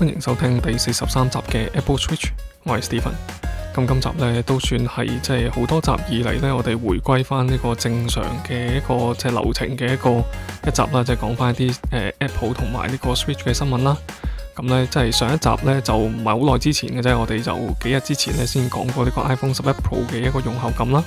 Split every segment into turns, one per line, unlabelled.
歡迎收聽第四十三集嘅 Apple Switch，我係 Stephen。咁今集咧都算係即係好多集以嚟咧，我哋回歸翻呢個正常嘅一個即係流程嘅一個一集啦，即係講翻啲誒 Apple 同埋呢個 Switch 嘅新聞啦。咁咧即係上一集咧就唔係好耐之前嘅啫，我哋就幾日之前咧先講過呢個 iPhone 十一 Pro 嘅一個用後感啦。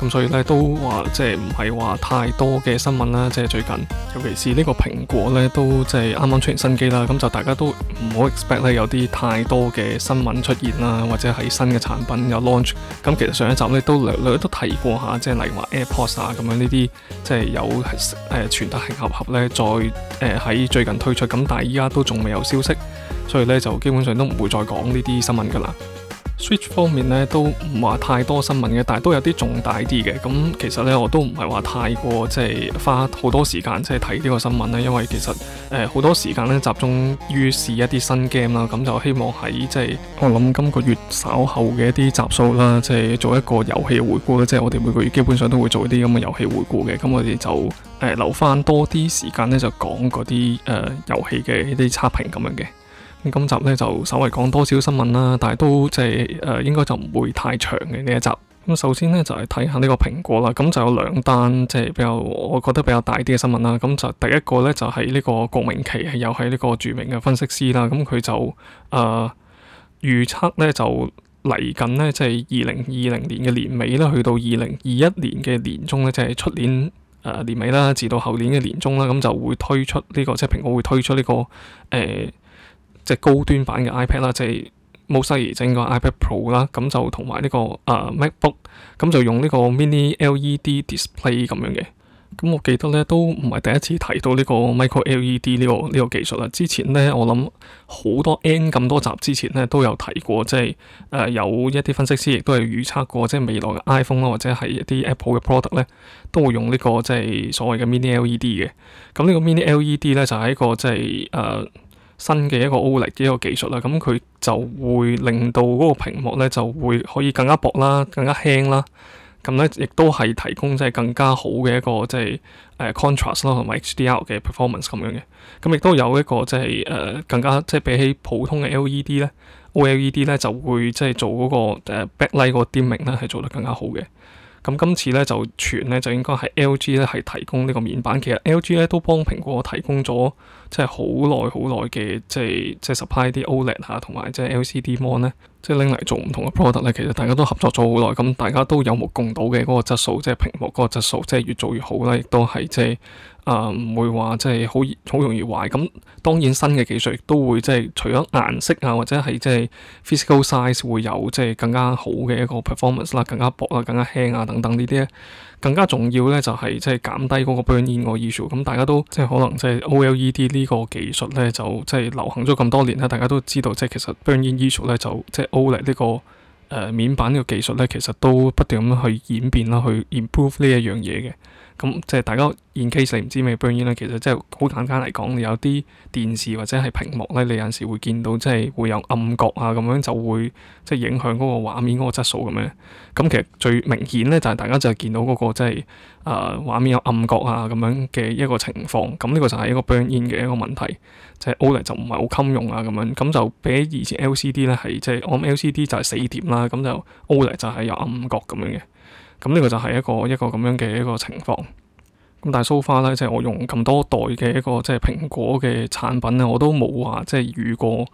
咁所以咧都話即係唔係話太多嘅新聞啦，即係最近尤其是呢個蘋果咧都即係啱啱出現新機啦，咁就大家都。唔好 expect 咧有啲太多嘅新聞出現啦，或者係新嘅產品有 launch。咁其實上一集咧都略略都提過下，即係例如話 AirPods 啊咁樣呢啲，即係有誒、呃、傳得係合合咧，再誒喺、呃、最近推出。咁但係依家都仲未有消息，所以咧就基本上都唔會再講呢啲新聞㗎啦。Switch 方面咧都唔話太多新聞嘅，但係都有啲重大啲嘅。咁其實咧我都唔係話太過即係、就是、花好多時間即係睇呢個新聞啦，因為其實誒好、呃、多時間咧集中於試一啲新 game 啦。咁就希望喺即係我諗今個月稍後嘅一啲集數啦，即、就、係、是、做一個遊戲回顧啦。即、就、係、是、我哋每個月基本上都會做一啲咁嘅遊戲回顧嘅。咁我哋就誒、呃、留翻多啲時間咧，就講嗰啲誒遊戲嘅一啲測評咁樣嘅。今集呢就稍微講多少新聞啦，但係都即係誒，應該就唔會太長嘅呢一集。咁首先呢，就係睇下呢個蘋果啦，咁就有兩單即係、就是、比較，我覺得比較大啲嘅新聞啦。咁就第一個呢，就係、是、呢個郭明錤，又係呢個著名嘅分析師啦。咁佢就誒預測呢就嚟緊呢，即係二零二零年嘅年尾啦，去到二零二一年嘅年中呢，即係出年年尾啦，至到後年嘅年中啦，咁就會推出呢、這個即係蘋果會推出呢、這個誒。呃即係高端版嘅 iPad 啦，即係姆西爾即個 iPad Pro 啦，咁就同埋呢個誒 MacBook，咁就用呢個 mini LED display 咁樣嘅。咁我記得咧都唔係第一次提到呢個 micro LED 呢、呢個呢、呢個技術啦。之前咧我諗好多 N 咁多集之前咧都有提過，即係誒、呃、有一啲分析師亦都係預測過，即係未來嘅 iPhone 啦或者係一啲 Apple 嘅 product 咧都會用呢、呢個即係所謂嘅 mini LED 嘅。咁呢個 mini LED 咧就係、係、一個即係誒。呃新嘅一個 OLED 嘅一個技術啦，咁佢就會令到嗰個屏幕咧就會可以更加薄啦，更加輕啦，咁咧亦都係提供即係更加好嘅一個即係誒 contrast 啦，同埋 HDR 嘅 performance 咁樣嘅，咁亦都有一個即係誒更加即係、即係、比起普通嘅 LED 咧，OLED 咧就會即係做嗰、嗰個、uh, backlight 個 dimming 咧係做得更加好嘅。咁今次咧就全咧就應該係 LG 咧係提供呢個面板，其實 LG 咧都幫蘋果提供咗即係好耐好耐嘅即係即係 supply 啲 OLED 吓，同埋即係 LCD mon 咧，即係拎嚟做唔同嘅 product 咧，其實大家都合作咗好耐，咁大家都有目共睹嘅嗰個質素，即係屏幕嗰個質素，即係越做越好啦，亦都係即係。啊，唔、uh, 會話即係好好容易壞。咁當然新嘅技術都會即係除咗顏色啊，或者係即係 physical size 會有即係更加好嘅一個 performance 啦，更加薄啦、啊，更加輕啊等等呢啲咧，更加重要咧就係即係減低嗰個 burn-in 個 issue。咁大家都即係、就是、可能即係 OLED 呢個技術咧就即係流行咗咁多年啦，大家都知道即係其實 burn-in issue 咧就即係 OLED 呢、這個誒面板呢個技術咧，其實都不斷咁去演變啦，去 improve 呢一樣嘢嘅。咁即係大家 in case 唔知咩 burn-in 咧，其實真係好簡單嚟講，你有啲電視或者係屏幕咧，你有陣時會見到即係會有暗角啊咁樣，就會即係影響嗰個畫面嗰個質素咁樣。咁其實最明顯咧就係、是、大家就係見到嗰個即係啊畫面有暗角啊咁樣嘅一個情況。咁呢個就係一個 burn-in 嘅一個問題，即係 OLED 就唔係好襟用啊咁樣。咁就比起以前 LCD 咧，係即係按 LCD 就係死點啦，咁就 OLED 就係有暗角咁樣嘅。咁呢個就係一個一個咁樣嘅一個情況。咁但係 so far 咧，即係我用咁多代嘅一個即係蘋果嘅產品咧，我都冇話即係遇過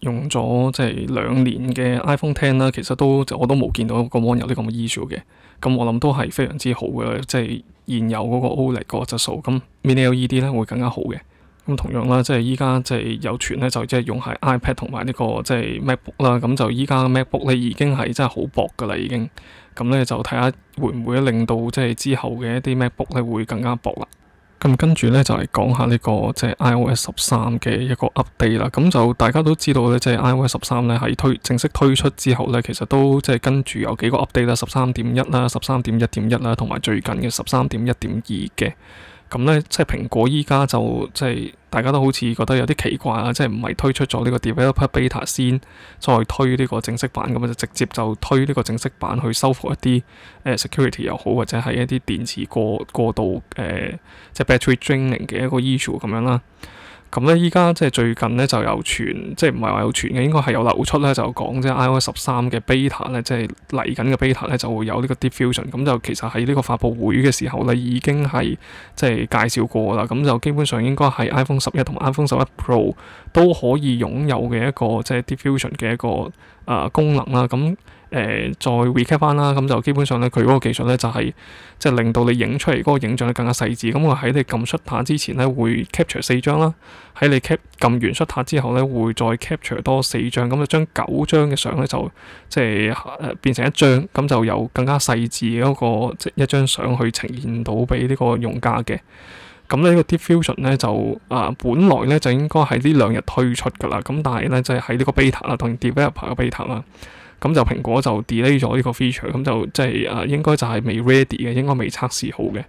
用咗即係兩年嘅 iPhone X 啦。其實都我都冇見到個 mon 有啲咁嘅 issue 嘅。咁我諗都係非常之好嘅，即係現有嗰個 OLED 個質素。咁 Mini LED 咧會更加好嘅。咁同樣啦，即係依家即係有傳咧，就即係用喺 iPad 同埋呢個即係 MacBook 啦。咁就依家 MacBook 咧已經係真係好薄噶啦，已經。咁咧就睇下會唔會令到即係之後嘅一啲 MacBook 咧會更加薄，這個就是、啦。咁跟住咧就嚟講下呢個即係 iOS 十三嘅一個 update 啦。咁就大家都知道咧，即係 iOS 十三咧喺推正式推出之後咧，其實都即係跟住有幾個 update 啦，十三點一啦，十三點一點一啦，同埋最近嘅十三點一點二嘅。咁咧，即係蘋果依家就即係大家都好似覺得有啲奇怪啊！即係唔係推出咗呢個 developer beta 先，再推呢個正式版，咁就直接就推呢個正式版去修復一啲、呃、security 又好，或者係一啲電池過過度誒、呃，即係 battery draining 嘅一個 issue 咁樣啦。咁咧，依家即係最近咧就有傳，即係唔係話有傳嘅，應該係有流出咧，就講即係 iOS 十三嘅 beta 咧，即係嚟緊嘅 beta 咧就會有呢個 Deep Fusion。咁就其實喺呢個發佈會嘅時候咧，已經係即係介紹過啦。咁就基本上應該係 iPhone 十一同埋 iPhone 十一 Pro 都可以擁有嘅一個即係 Deep Fusion 嘅一個啊、呃、功能啦。咁誒、呃、再 recap 翻啦，咁就基本上咧，佢嗰個技術咧就係即係令到你影出嚟嗰個影像咧更加細緻。咁我喺你撳 shutter 之前咧，會 capture 四張啦；喺你 cap 撳完 shutter 之後咧，會再 capture 多四張，咁就將九張嘅相咧就即係、就係呃、變成一張，咁就由更加細緻嘅一個即一張相去呈現到俾呢個用家嘅。咁呢、呢個 Deep Fusion 咧就啊、呃，本來咧就應該喺呢兩日推出㗎啦。咁但係咧就係喺呢個 beta 啦，同 developer 嘅 beta 啦。咁就蘋果就 delay 咗呢個 feature，咁就即係誒應該就係未 ready 嘅，應該未測試好嘅。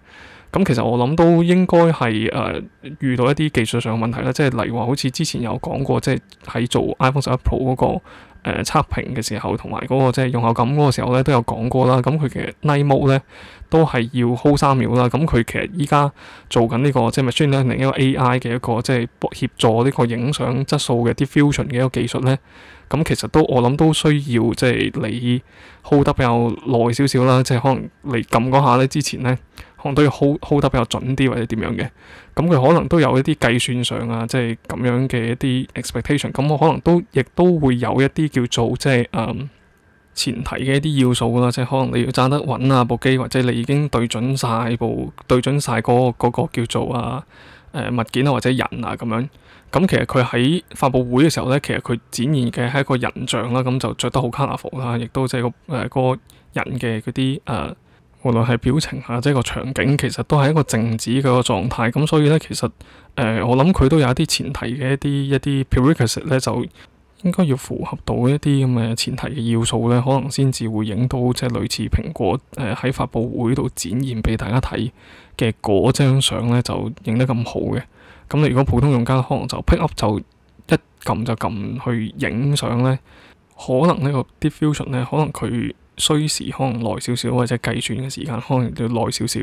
咁其實我諗都應該係誒、呃、遇到一啲技術上嘅問題啦，即係例如話好似之前有講過，即係喺做 iPhone 十一 Pro 嗰、那個誒、呃、測評嘅時候，同埋嗰個即係用後感嗰個時候咧，都有講過啦。咁佢其實 night mode 咧都係要 hold 三秒啦。咁佢其實依家做緊呢個即係咪算然另一個 AI 嘅一個即係協助呢個影相質素嘅 Deep Fusion 嘅一個技術咧。咁其實都我諗都需要，即係你 hold 得比較耐少少啦，即係可能你撳嗰下呢，之前呢，可能都要 hold, hold 得比較準啲或者點樣嘅。咁佢可能都有一啲計算上啊，即係咁樣嘅一啲 expectation。咁我可能都亦都會有一啲叫做即係、嗯、前提嘅一啲要素啦，即係可能你要揸得穩啊部機，或者你已經對準晒部對準晒嗰嗰個叫做啊誒、呃、物件啊或者人啊咁樣。咁其實佢喺發布會嘅時候呢，其實佢展現嘅係一個人像啦，咁就着得好 colourful 啦，亦都即係個人嘅嗰啲誒，無論係表情啊，即係個場景，其實都係一個靜止嘅狀態。咁所以呢，其實誒、呃、我諗佢都有一啲前提嘅一啲一啲 polarisation 咧，就應該要符合到一啲咁嘅前提嘅要素呢，可能先至會影到即係類似蘋果誒喺發布會度展現俾大家睇嘅嗰張相呢，就影得咁好嘅。咁你、嗯、如果普通用家可能就 pick up 就一撳就撳去影相咧，可能個呢個 Deep Fusion 咧，可能佢需時，可能耐少少，或者計算嘅時間可能要耐少少，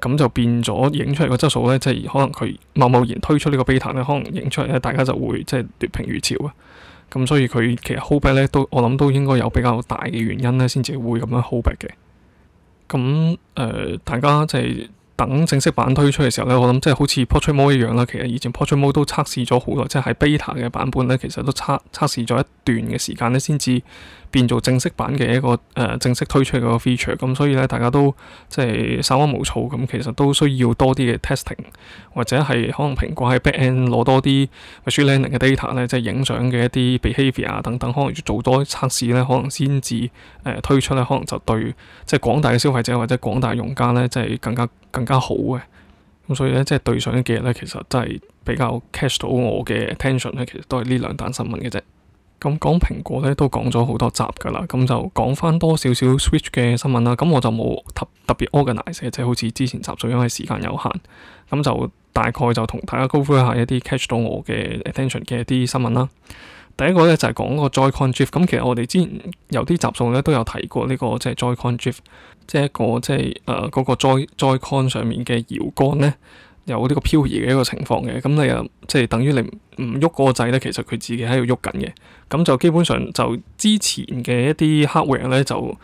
咁就變咗影出嚟個質素咧，即係可能佢貿貿然推出個呢個 beta 咧，可能影出嚟咧大家就會即係劣評如潮啊！咁、嗯、所以佢其實 hold back 咧都我諗都應該有比較大嘅原因咧，先至會咁樣 hold back 嘅。咁、嗯、誒、呃，大家即係。就是等正式版推出嘅時候咧，我諗即係好似 Portrait Mode 一樣啦。其實以前 Portrait Mode 都測試咗好耐，即係喺 beta 嘅版本呢，其實都測測試咗一段嘅時間呢先至變做正式版嘅一個誒、呃、正式推出嘅個 feature，咁所以咧大家都即係稍安無躁，咁其實都需要多啲嘅 testing，或者係可能蘋果喺 back end 攞多啲 machine learning 嘅 data 咧，即係影相嘅一啲 behaviour 啊等等，可能要做多測試咧，可能先至誒推出咧，可能就對即係廣大嘅消費者或者廣大用家咧，即係更加更加好嘅。咁所以咧即係對上呢幾日咧，其實真係比較 catch 到我嘅 attention 咧，其實都係呢兩單新聞嘅啫。咁講蘋果咧都講咗好多集㗎啦，咁就講翻多少少 Switch 嘅新聞啦。咁我就冇特特別 organize，即係、就是、好似之前集數因為時間有限，咁就大概就同大家高呼一下一啲 catch 到我嘅 attention 嘅一啲新聞啦。第一個咧就係、是、講個 Joy-Con Drift。咁其實我哋之前有啲集數咧都有提過呢、這個即係、就是、Joy-Con Drift，即係一個即係誒嗰個 Joy, Joy-Con 上面嘅搖桿咧。有呢個漂移嘅一個情況嘅，咁你啊，即係等於你唔喐嗰個掣咧，其實佢自己喺度喐緊嘅。咁就基本上就之前嘅一啲黑域咧，就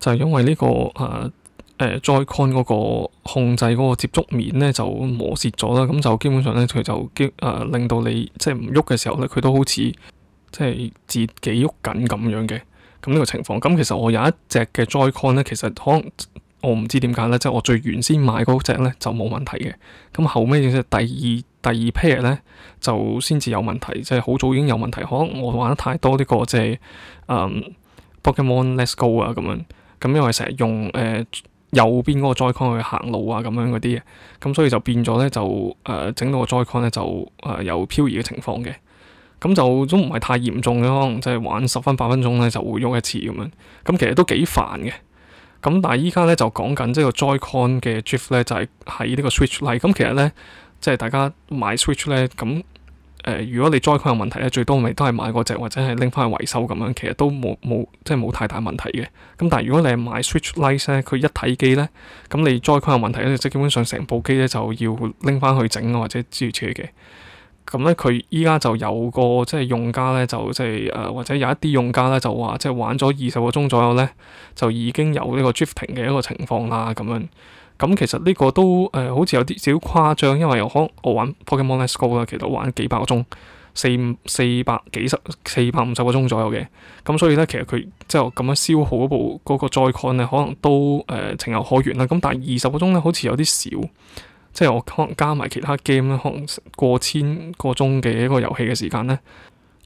就係因為呢、這個誒誒 Joy-Con 嗰個控制嗰個接觸面咧，就磨蝕咗啦。咁就基本上咧，佢就基誒、呃、令到你即係唔喐嘅時候咧，佢都好似即係自己喐緊咁樣嘅。咁呢個情況，咁其實我有一隻嘅 Joy-Con 咧，其實可能。我唔知點解咧，即、就、係、是、我最原先買嗰隻咧就冇問題嘅，咁後尾即第二第二 pair 咧就先至有問題，即係好早已經有問題。可能我玩得太多呢、這個即係誒 Pokemon Let's Go 啊咁樣，咁因為成日用誒、呃、右邊嗰個 Joy-Con 去行路啊咁樣嗰啲嘅，咁所以就變咗咧就誒整、呃、到個 Joy-Con 咧就誒、呃、有漂移嘅情況嘅，咁就都唔係太嚴重嘅，可能即係玩十分八分鐘咧就會喐一次咁樣，咁其實都幾煩嘅。咁、嗯、但係依家咧就講緊即係個 Joy-Con 嘅 drift 咧，就係喺呢、就是、個 Switch Lite、嗯。咁其實咧，即係大家買 Switch 咧，咁、嗯、誒、呃，如果你 Joy-Con 有問題咧，最多咪都係買嗰隻或者係拎翻去維修咁樣，其實都冇冇即係冇太大問題嘅。咁、嗯、但係如果你係買 Switch Lite 咧，佢一體機咧，咁、嗯、你 Joy-Con 有問題咧，即係基本上成部機咧就要拎翻去整或者諸如此類嘅。咁咧，佢依家就有個即係用家咧，就即係誒，或者有一啲用家咧，就話即係玩咗二十個鐘左右咧，就已經有呢個 drifting 嘅一個情況啦。咁樣，咁其實呢個都誒、呃，好似有啲少少誇張，因為我可能我玩 Pokemon Let's Go 啊，其實我玩幾百個鐘，四四百幾十、四百五十個鐘左右嘅。咁所以咧，其實佢即係咁樣消耗嗰部嗰個 Joy-Con 咧，可能都誒、呃、情有可原啦。咁但係二十個鐘咧，好似有啲少。即係我可能加埋其他 game，可能過千個鐘嘅一個遊戲嘅時間呢，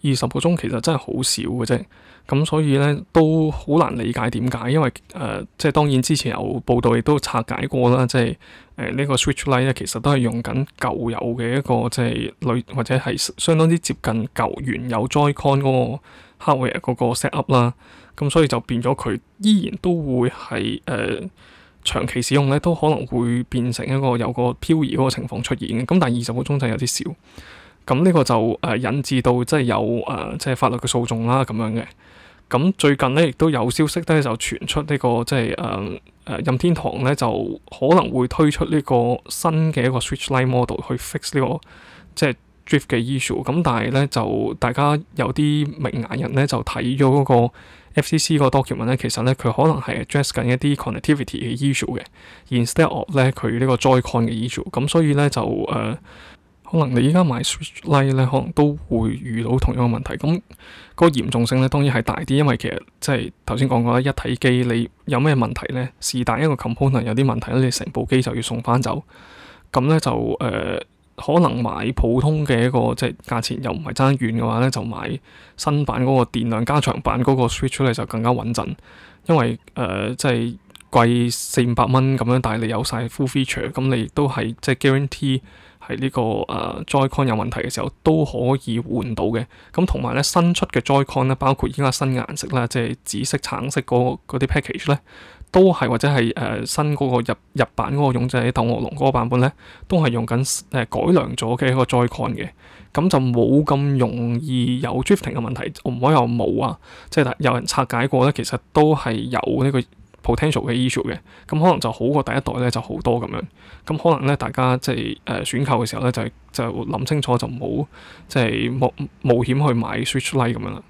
二十個鐘其實真係好少嘅啫。咁所以呢，都好難理解點解，因為誒、呃、即係當然之前有報道亦都拆解過啦，即係誒、呃這個、呢個 Switch Lite 咧，其實都係用緊舊有嘅一個即係類或者係相當之接近舊原有 Joy-Con 嗰個 hardware 嗰個 setup 啦。咁所以就變咗佢依然都會係誒。呃長期使用咧都可能會變成一個有個漂移嗰個情況出現嘅，咁但係二十個鐘就有啲少，咁呢個就誒引致到即係有誒即係法律嘅訴訟啦咁樣嘅。咁最近呢亦都有消息咧就傳出呢、這個即係誒誒任天堂咧就可能會推出呢個新嘅一個 Switch Lite model 去 fix、這個就是、呢個即係 drift 嘅 issue。咁但係咧就大家有啲明眼人咧就睇咗嗰個。FCC 個 document 咧，ocument，其實咧佢可能係 address 緊一啲 connectivity 嘅 issue 嘅，instead of 咧佢呢個 Joy-Con 嘅 issue。咁所以咧就誒、呃，可能你依家買 Switch Lite 咧，可能都會遇到同樣嘅問題。咁個嚴重性咧當然係大啲，因為其實即係頭先講過啦，一體機你有咩問題咧？是但一個 component 有啲問題咧，你成部機就要送翻走。咁咧就誒。呃可能買普通嘅一個即係價錢又唔係差得遠嘅話咧，就買新版嗰個電量加長版嗰個 switch 出嚟就更加穩陣，因為誒、呃、即係貴四五百蚊咁樣，但係你有晒 full feature，咁你亦都係即係 guarantee 係呢、這個誒、呃、JoyCon 有問題嘅時候都可以換到嘅。咁同埋咧新出嘅 JoyCon 咧，包括依家新顏色啦，即係紫色、橙色嗰嗰啲 package 咧。都係或者係誒、呃、新嗰個日日版嗰個用即係《鬥惡龍》嗰個版本咧，都係用緊誒、呃、改良咗嘅一個再擴嘅，咁就冇咁容易有 drifting 嘅問題，我唔可以話冇啊！即係有人拆解過咧，其實都係有呢個 potential 嘅 issue 嘅，咁可能就好過第一代咧就好多咁樣，咁可能咧大家即係誒選購嘅時候咧就就諗清楚就唔好即係冒冒險去買 Switch Lite 咁樣啦。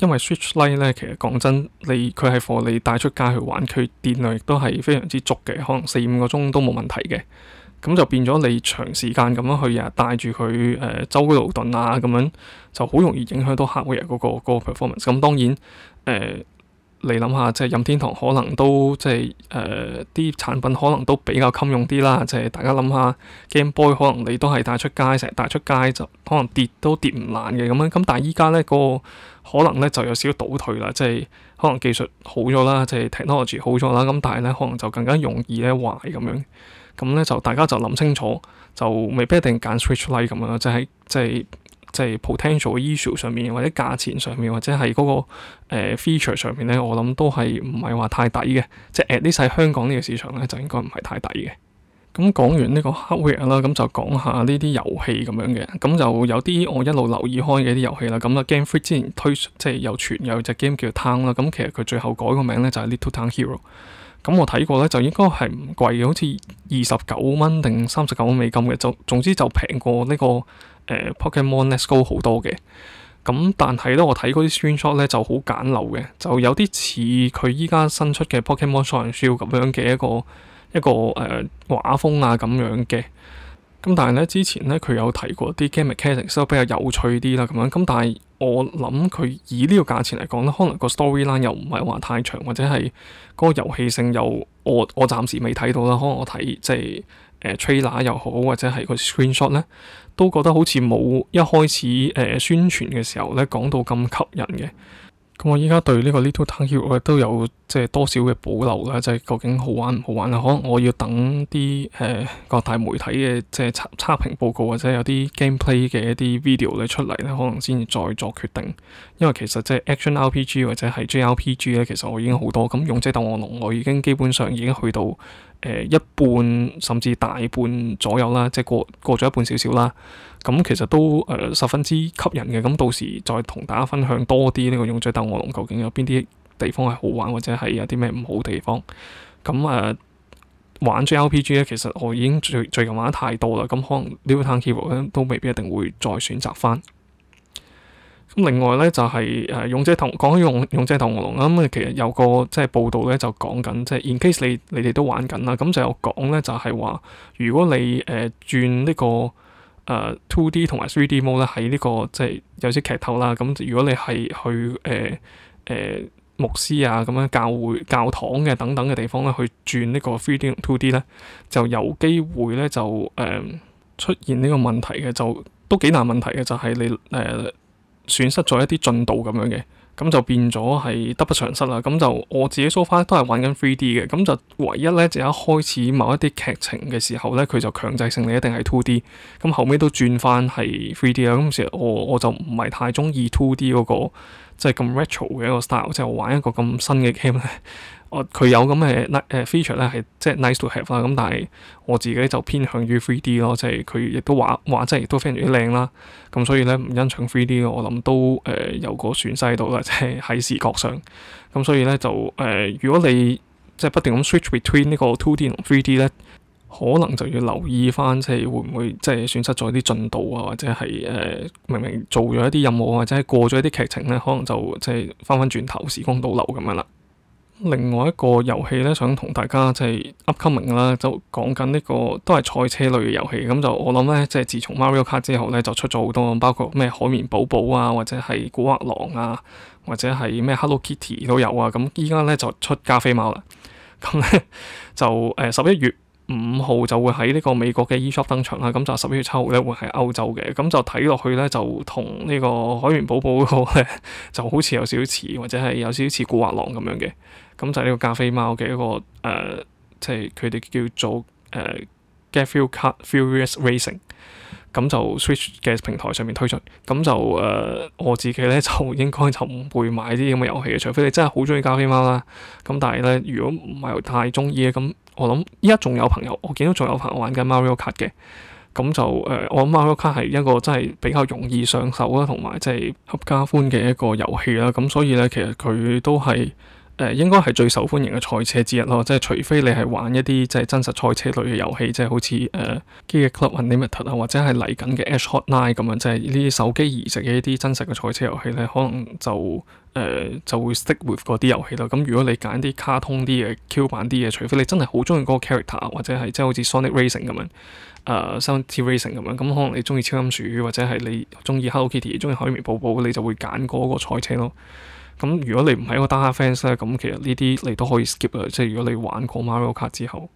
因為 Switch Lite 咧，其實講真，你佢係貨你帶出街去玩，佢電量亦都係非常之足嘅，可能四五個鐘都冇問題嘅。咁就變咗你長時間咁樣去帶、呃、啊，帶住佢誒舟車勞頓啊咁樣，就好容易影響到客戶嘅嗰、嗰個嗰個 performance。咁當然誒。呃你諗下，即係任天堂可能都即係誒啲產品可能都比較禁用啲啦。即係大家諗下，Game Boy 可能你都係帶出街，成日帶出街就可能跌都跌唔爛嘅咁樣。咁但係依家咧個可能咧就有少少倒退啦。即係可能技術好咗啦，即係 technology 好咗啦。咁但係咧可能就更加容易咧壞咁樣。咁咧就大家就諗清楚，就未必一定揀 Switch Lite 咁樣啦。即係即係。即係即係即係 potential issue 上面，或者價錢上面，或者係嗰、那個、呃、feature 上面咧，我諗都係唔係話太抵嘅。即係 at least 喺香港呢個市場咧，就應該唔係太抵嘅。咁講完呢個 hardware 啦，咁就講下呢啲遊戲咁樣嘅。咁就有啲我一路留意開嘅啲遊戲啦。咁啊，Game Freak 之前推即係有傳有隻 game 叫 Town 啦。咁其實佢最後改個名咧就係、是、Little Town Hero。咁我睇過咧就應該係唔貴嘅，好似二十九蚊定三十九蚊美金嘅。總總之就平過呢、這個。誒、uh, Pokemon Let's Go 高好多嘅，咁但係咧我睇嗰啲 screen shot 咧就好簡陋嘅，就有啲似佢依家新出嘅 Pokemon Sword and Shield 咁樣嘅一個一個誒畫、uh, 風啊咁樣嘅。咁但係咧之前咧佢有睇過啲 game mechanics，所以比較有趣啲啦咁樣。咁但係我諗佢以個價呢個價錢嚟講咧，可能個 storyline 又唔係話太長，或者係嗰個遊戲性又我我暫時未睇到啦。可能我睇即係誒、呃、trailer 又好，或者係個 screen shot 咧。都覺得好似冇一開始誒、呃、宣傳嘅時候咧講到咁吸引嘅，咁我依家對呢個 Little Town Hero 我都有即係多少嘅保留啦，即係究竟好玩唔好玩啊？可能我要等啲誒、呃、各大媒體嘅即係測測評報告或者有啲 gameplay 嘅一啲 video 咧出嚟咧，可能先至再作決定。因為其實即係 action RPG 或者係 JRPG 咧，其實我已經好多咁《勇者鬥惡龍》，我，我已經基本上已經去到。誒、呃、一半甚至大半左右啦，即係過過咗一半少少啦，咁、嗯、其實都誒、呃、十分之吸引嘅。咁、嗯、到時再同大家分享多啲呢個勇者鬥惡龍究竟有邊啲地方係好玩，或者係有啲咩唔好地方。咁、嗯、誒、呃、玩 JRPG 咧，其實我已經最最近玩得太多啦，咁、嗯、可能 New Town 呢個碳氣盤都未必一定會再選擇翻。咁另外咧就係、是、誒、啊、勇者鬥講起勇者鬥惡龍咁啊，其實有個即係報道咧就講緊即係，in case you, 你你哋都玩緊啦。咁、嗯、就有講咧就係、是、話，如果你誒、呃、轉、這個呃、呢、這個誒 two D 同埋 three D mode 咧，喺呢個即係有啲劇透啦。咁、嗯、如果你係去誒誒、呃呃、牧師啊咁樣教會教堂嘅等等嘅地方咧，去轉個 D, D 呢個 three D 同 two D 咧，就有機會咧就誒、呃、出現呢個問題嘅，就都幾難問題嘅，就係、是、你誒。呃損失咗一啲進度咁樣嘅，咁就變咗係得不償失啦。咁就我自己 so far 都係玩緊 three D 嘅，咁就唯一咧，自、就係、一開始某一啲劇情嘅時候咧，佢就強制性你一定係 two D，咁後尾都轉翻係 three D 啦。咁其實我我就唔係太中意 two D 嗰、嗰個即係、就、咁、是、retro 嘅一個 style，即係我玩一個咁新嘅 game 咧。佢有咁嘅誒 feature 咧，係即係 nice to have 啦。咁但係我自己就偏向於 3D 咯，即係佢亦都畫畫質亦都非常之靚啦。咁所以咧唔欣賞 3D 我諗都誒有個損失喺度啦，即係喺視覺上。咁所以咧就誒、呃，如果你即係不斷咁 switch between 個呢個 2D 同 3D 咧，可能就要留意翻，即係會唔會即係損失咗啲進度啊，或者係誒、呃、明明做咗一啲任務或者係過咗一啲劇情咧，可能就即係翻翻轉頭時光倒流咁樣啦。另外一個遊戲咧，想同大家即係、就是、Upcoming 啦，就講緊、這、呢個都係賽車類嘅遊戲。咁就我諗咧，即係自從 Mario Kart 之後咧，就出咗好多，包括咩海綿寶寶啊，或者係古惑狼啊，或者係咩 Hello Kitty 都有啊。咁依家咧就出加菲貓啦。咁咧就誒十一月五號就會喺呢個美國嘅 Eshop 登場啦。咁就十一月七號咧會喺歐洲嘅。咁就睇落去咧就同呢個海綿寶寶、個咧 就好似有少少似，或者係有少少似古惑狼咁樣嘅。咁就係呢個咖啡貓嘅一個誒，即係佢哋叫做誒、呃《Garfield Kart Furious Racing》，咁就 Switch 嘅平台上面推出。咁就誒、呃、我自己咧就應該就唔會買啲咁嘅遊戲嘅，除非你真係好中意咖啡貓啦。咁但係咧，如果唔係太中意咧，咁我諗依家仲有朋友，我見到仲有朋友玩緊 Mario Kart 嘅，咁就誒、呃、我諗 Mario Kart 係一個真係比較容易上手啦，同埋即係合家歡嘅一個遊戲啦。咁所以咧，其實佢都係。誒、uh, 應該係最受歡迎嘅賽車之一咯，即係除非你係玩一啲即係真實賽車類嘅遊戲，即係好似、uh,《Geek Club Unlimited》啊，或者係嚟緊嘅《Asphalt 9》咁樣，即係呢啲手機移植嘅一啲真實嘅賽車遊戲咧，可能就誒、uh, 就會 stick with 啲遊戲咯。咁如果你揀啲卡通啲嘅 Q 版啲嘅，除非你真係好中意嗰個 character，或者係即係好似《Sonic Racing》咁樣，誒《Sonic Racing》咁樣，咁、嗯、可能你中意超音鼠，或者係你中意 Hello Kitty，中意海綿寶寶，你就會揀嗰個賽車咯。咁如果你唔係一個 hard fans 咧，咁其實呢啲你都可以 skip 啦。即係如果你玩過 Mario 卡之後，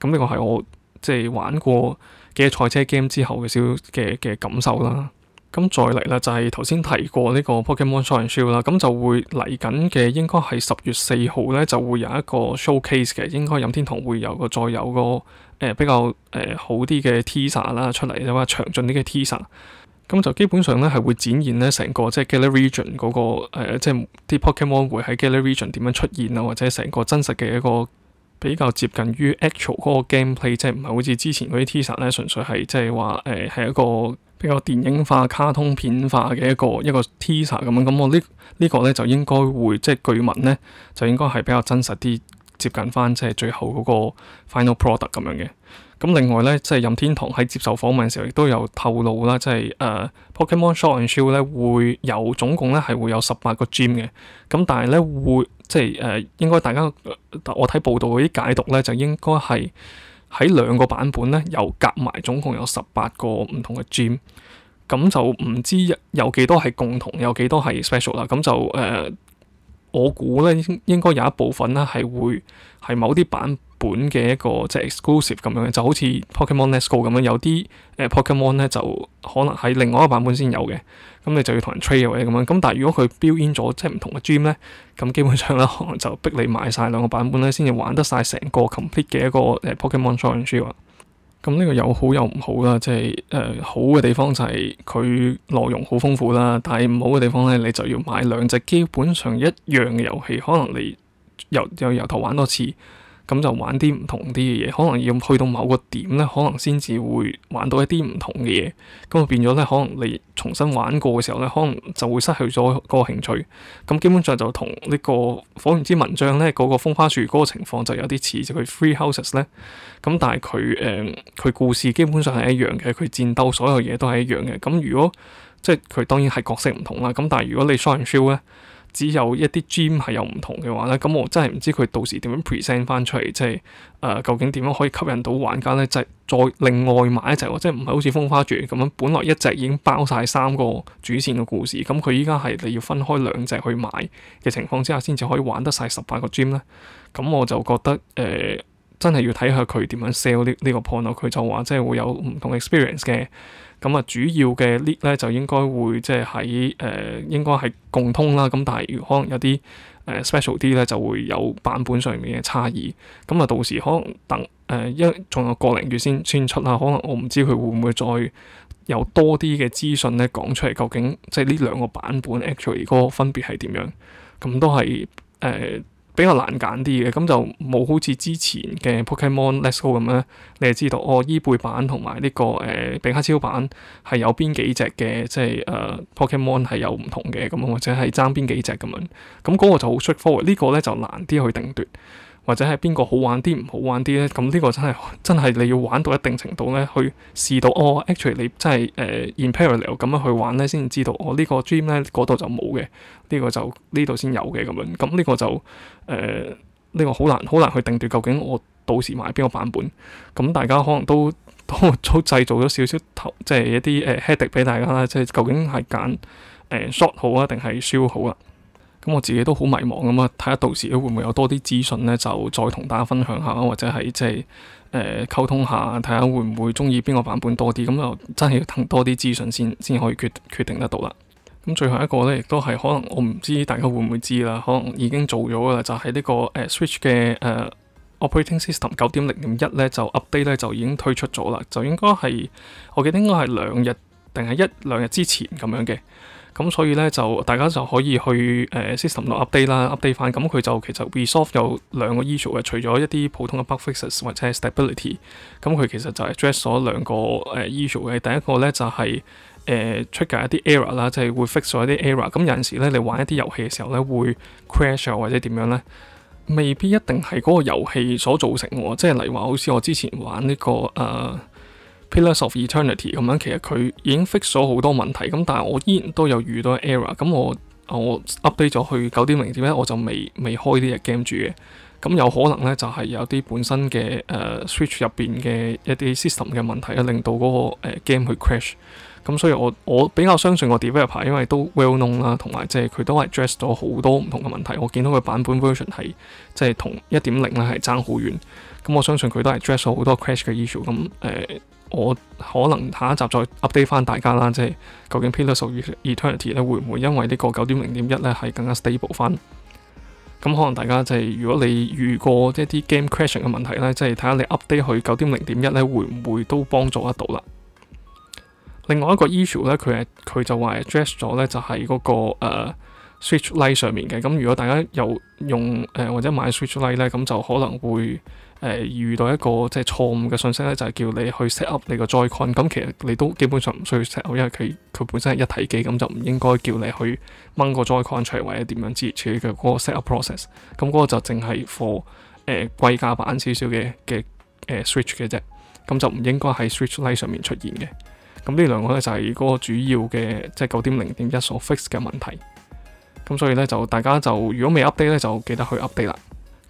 咁呢個係我即係玩過嘅賽車 game 之後嘅小嘅嘅感受啦。咁再嚟、就是、啦，就係頭先提過呢個 Pokemon Show and Tell 啦。咁就會嚟緊嘅應該係十月四號咧，就會有一個 showcase 嘅。應該任天堂會有個再有個誒、呃、比較誒、呃、好啲嘅 T-shirt 啦出嚟，就個長進啲嘅 T-shirt。咁就基本上咧係會展現咧成個即係 Galar Region 嗰、那個、呃、即係啲 Pokemon 會喺 Galar Region 點樣出現啊，或者成個真實嘅一個比較接近於 Actual 嗰個 gameplay，即係唔係好似之前嗰啲 teaser 咧，純粹係即係話誒係一個比較電影化、卡通片化嘅一個一個 teaser 咁樣。咁我、這個、呢呢個咧就應該會即係據聞咧，就應該係比較真實啲，接近返即係最後嗰個 Final Product 咁樣嘅。咁另外咧，即係任天堂喺接受訪問嘅時候，亦都有透露啦，即係誒 Pokemon Sword and Shield 咧會有總共咧係會有十八個 Gym 嘅。咁但係咧會即係誒，就是 uh, 應該大家我睇報道嗰啲解讀咧，就應該係喺兩個版本咧又夾埋總共有十八個唔同嘅 Gym。咁就唔知有幾多係共同，有幾多係 special 啦。咁就誒。Uh, 我估咧應應該有一部分咧係會係某啲版本嘅一個即係 exclusive 咁樣嘅，就好似 Pokemon Let’s Go 咁樣，有啲、呃、Pokemon 咧就可能喺另外一個版本先有嘅，咁你就要同人 trade 或者咁樣。咁但係如果佢標 In 咗即係唔同嘅 gym 咧，咁基本上咧可能就逼你買晒兩個版本咧先至玩得晒成個 complete 嘅一個、呃、Pokemon Trading Show。咁呢、嗯，這個有好有唔好啦，即係誒、呃、好嘅地方就係佢內容好豐富啦，但係唔好嘅地方咧，你就要買兩隻基本上一樣嘅遊戲，可能你由又由頭玩多次。咁就玩啲唔同啲嘅嘢，可能要去到某個點咧，可能先至會玩到一啲唔同嘅嘢。咁啊變咗咧，可能你重新玩過嘅時候咧，可能就會失去咗個興趣。咁基本上就同呢個《火焰之紋章呢》咧、嗰個個風花雪月嗰個情況就有啲似，就佢、是、Three Houses 咧。咁但係佢誒佢故事基本上係一樣嘅，佢戰鬥所有嘢都係一樣嘅。咁如果即係佢當然係角色唔同啦。咁但係如果你雙人 show 咧。只有一啲 gym 係有唔同嘅話咧，咁我真係唔知佢到時點樣 present 翻出嚟，即係誒、呃、究竟點樣可以吸引到玩家咧，就係、是、再另外買一隻，即係唔係好似《風花絕》咁樣，本來一隻已經包晒三個主線嘅故事，咁佢依家係你要分開兩隻去買嘅情況之下，先至可以玩得晒十八個 gym 咧。咁我就覺得誒、呃，真係要睇下佢點樣 sell 呢呢個 point。佢就話即係會有唔同 experience 嘅。咁啊，主要嘅 lead 咧就應該會即係喺誒，應該係共通啦。咁但係可能有啲誒、呃、special 啲咧，就會有版本上面嘅差異。咁啊，到時可能等誒、呃、一仲有個零月先先出啦。可能我唔知佢會唔會再有多啲嘅資訊咧講出嚟，究竟即係呢兩個版本 actually 嗰個分別係點樣？咁都係誒。呃比較難揀啲嘅，咁就冇好似之前嘅 Pokémon Let's Go 咁咧，你係知道哦，伊貝版同埋呢個誒比卡超版係有邊幾隻嘅，即係誒、呃、Pokémon 係有唔同嘅咁，或者係爭邊幾隻咁樣，咁、那、嗰個就好 straightforward，呢個咧就難啲去定奪。或者係邊個好玩啲唔好玩啲咧？咁呢個真係真係你要玩到一定程度咧，去試到哦，actually 你真係誒 in parallel 咁樣去玩咧，先知道我、哦這個、呢個 dream 咧嗰度就冇嘅，呢、這個就呢度先有嘅咁樣。咁呢個就誒呢、呃這個好難好難去定奪究竟我到時買邊個版本。咁大家可能都都都製造咗少少頭，即係一啲誒 headache 俾大家啦，即係究竟係揀誒、呃、shot 好啊定係 show 好啊？咁我自己都好迷茫咁啊，睇下到時咧會唔會有多啲資訊呢？就再同大家分享下，或者係即係誒溝通下，睇下會唔會中意邊個版本多啲。咁又真係要等多啲資訊先先可以決定決定得到啦。咁最後一個呢，亦都係可能我唔知大家會唔會知啦，可能已經做咗啦、這個呃呃，就係呢個 Switch 嘅誒 Operating System 九點零點一咧，就 update 呢，就已經推出咗啦，就應該係我記得應該係兩日定係一兩日之前咁樣嘅。咁所以咧就大家就可以去誒 system 度 update 啦，update 翻。咁佢、嗯、就其實 resolve 有兩個 issue 嘅，除咗一啲普通嘅 bug fixes 或者 stability、嗯。咁佢其實就係 address 咗兩個誒 issue 嘅。第、呃、一個咧就係誒 trigger 一啲 error 啦，即係會 fix 咗一啲 error、嗯。咁有陣時咧，你玩一啲遊戲嘅時候咧，會 crash 啊或者點樣咧，未必一定係嗰個遊戲所造成喎、哦。即係例如話，好似我之前玩呢、這個誒。呃《Pillars of Eternity》咁樣，其實佢已經 fix 咗好多問題，咁但係我依然都有遇到 error，咁我我 update 咗去九點零點一之後，我就未未開啲嘅 game 住嘅，咁有可能咧就係、是、有啲本身嘅誒、uh, Switch 入邊嘅一啲 system 嘅問題啊，令到嗰、那個、uh, game 去 crash，咁所以我我比較相信個 developer，因為都 well known 啦，同埋即係佢都係 address 咗好多唔同嘅問題，我見到佢版本 version 係即係同一點零咧係爭好遠，咁我相信佢都係 address 咗好多 crash 嘅 issue，咁誒。Uh, 我可能下一集再 update 翻大家啦，即係究竟 Pillars of Eternity 咧，會唔會因為呢個9.0.1咧係更加 stable 翻？咁可能大家即係如果你遇過一啲 game crash 嘅問題咧，即係睇下你 update 去9.0.1咧，會唔會都幫助得到啦？另外一個 issue 咧，佢係佢就話 address 咗咧，就係嗰個誒、uh, Switch Lite 上面嘅。咁如果大家有用誒、呃、或者買 Switch Lite 咧，咁就可能會。誒、呃、遇到一個即係錯誤嘅信息咧，就係、是、叫你去 set up 你個 Joy-Con 咁其實你都基本上唔需要 set up，因為佢佢本身係一體機，咁就唔應該叫你去掹個 Joy-Con 出嚟或者點樣之類嘅嗰個 set up process。咁嗰個就淨係 for 誒、呃、貴價版少少嘅嘅誒 switch 嘅啫，咁就唔應該喺 Switch Lite 上面出現嘅。咁呢兩個咧就係、是、嗰個主要嘅即係九點零點一所 fix 嘅問題。咁所以咧就大家就如果未 update 咧，就記得去 update 啦。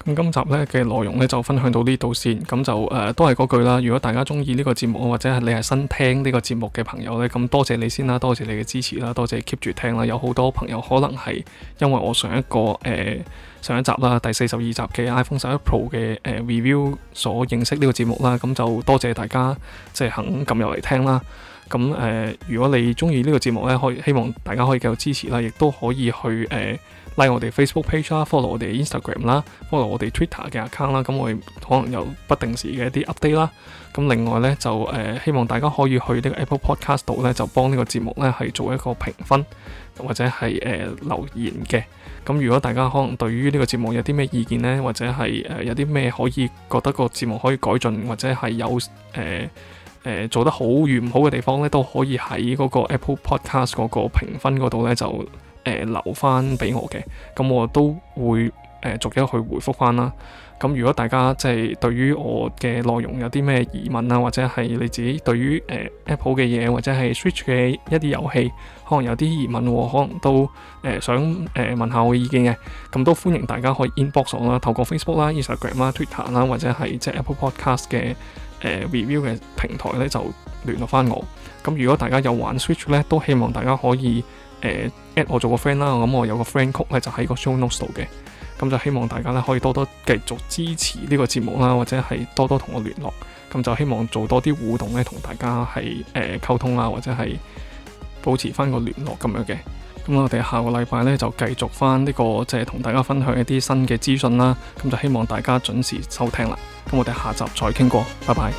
咁今集咧嘅內容咧就分享到呢度先，咁就誒、呃、都係嗰句啦。如果大家中意呢個節目，或者係你係新聽呢個節目嘅朋友咧，咁多謝你先啦，多謝你嘅支持啦，多謝 keep 住聽啦。有好多朋友可能係因為我上一個誒、呃、上一集啦，第四十二集嘅 iPhone 十一 Pro 嘅誒、呃、review 所認識呢個節目啦，咁就多謝大家即係肯撳入嚟聽啦。咁誒、呃，如果你中意呢個節目呢，可以希望大家可以繼續支持啦，亦都可以去誒。呃 Like 我哋 Facebook page 啦，follow 我哋 Instagram 啦，follow 我哋 Twitter 嘅 account 啦、mm，咁我哋可能有不定時嘅一啲 update 啦。咁另外呢，就誒、呃、希望大家可以去呢個 Apple Podcast 度呢，就幫呢個節目呢，係做一個評分或者係誒、呃、留言嘅。咁如果大家可能對於呢個節目有啲咩意見呢，或者係誒、呃、有啲咩可以覺得個節目可以改進，或者係有誒、呃呃、做得好與唔好嘅地方呢，都可以喺嗰個 Apple Podcast 嗰個評分嗰度呢。就。誒留翻俾我嘅，咁我都會誒、呃、逐一去回覆翻啦。咁如果大家即係、就是、對於我嘅內容有啲咩疑問啊，或者係你自己對於、呃、Apple 嘅嘢，或者係 Switch 嘅一啲遊戲，可能有啲疑問、啊，可能都誒、呃、想誒、呃、問下我意見嘅，咁都歡迎大家可以 inbox 啦、透過 Facebook 啦、Instagram 啦、Twitter 啦，或者係即係、就是、Apple Podcast 嘅誒、呃、review 嘅平台咧就聯絡翻我。咁如果大家有玩 Switch 咧，都希望大家可以。誒，@呃、我做個 friend 啦、啊，咁、嗯、我有個 friend code 咧就喺個 show notes 度嘅,咁就希望大家咧可以多多繼續支持呢個節目啦，或者係多多同我聯絡，咁就希望做多啲互動咧，同大家係誒、呃、溝通啦，或者係保持翻個聯絡咁樣嘅，咁我哋下個禮拜咧就繼續翻呢、這個即係同大家分享一啲新嘅資訊啦，咁就希望大家準時收聽啦，咁我哋下集再傾過，拜拜。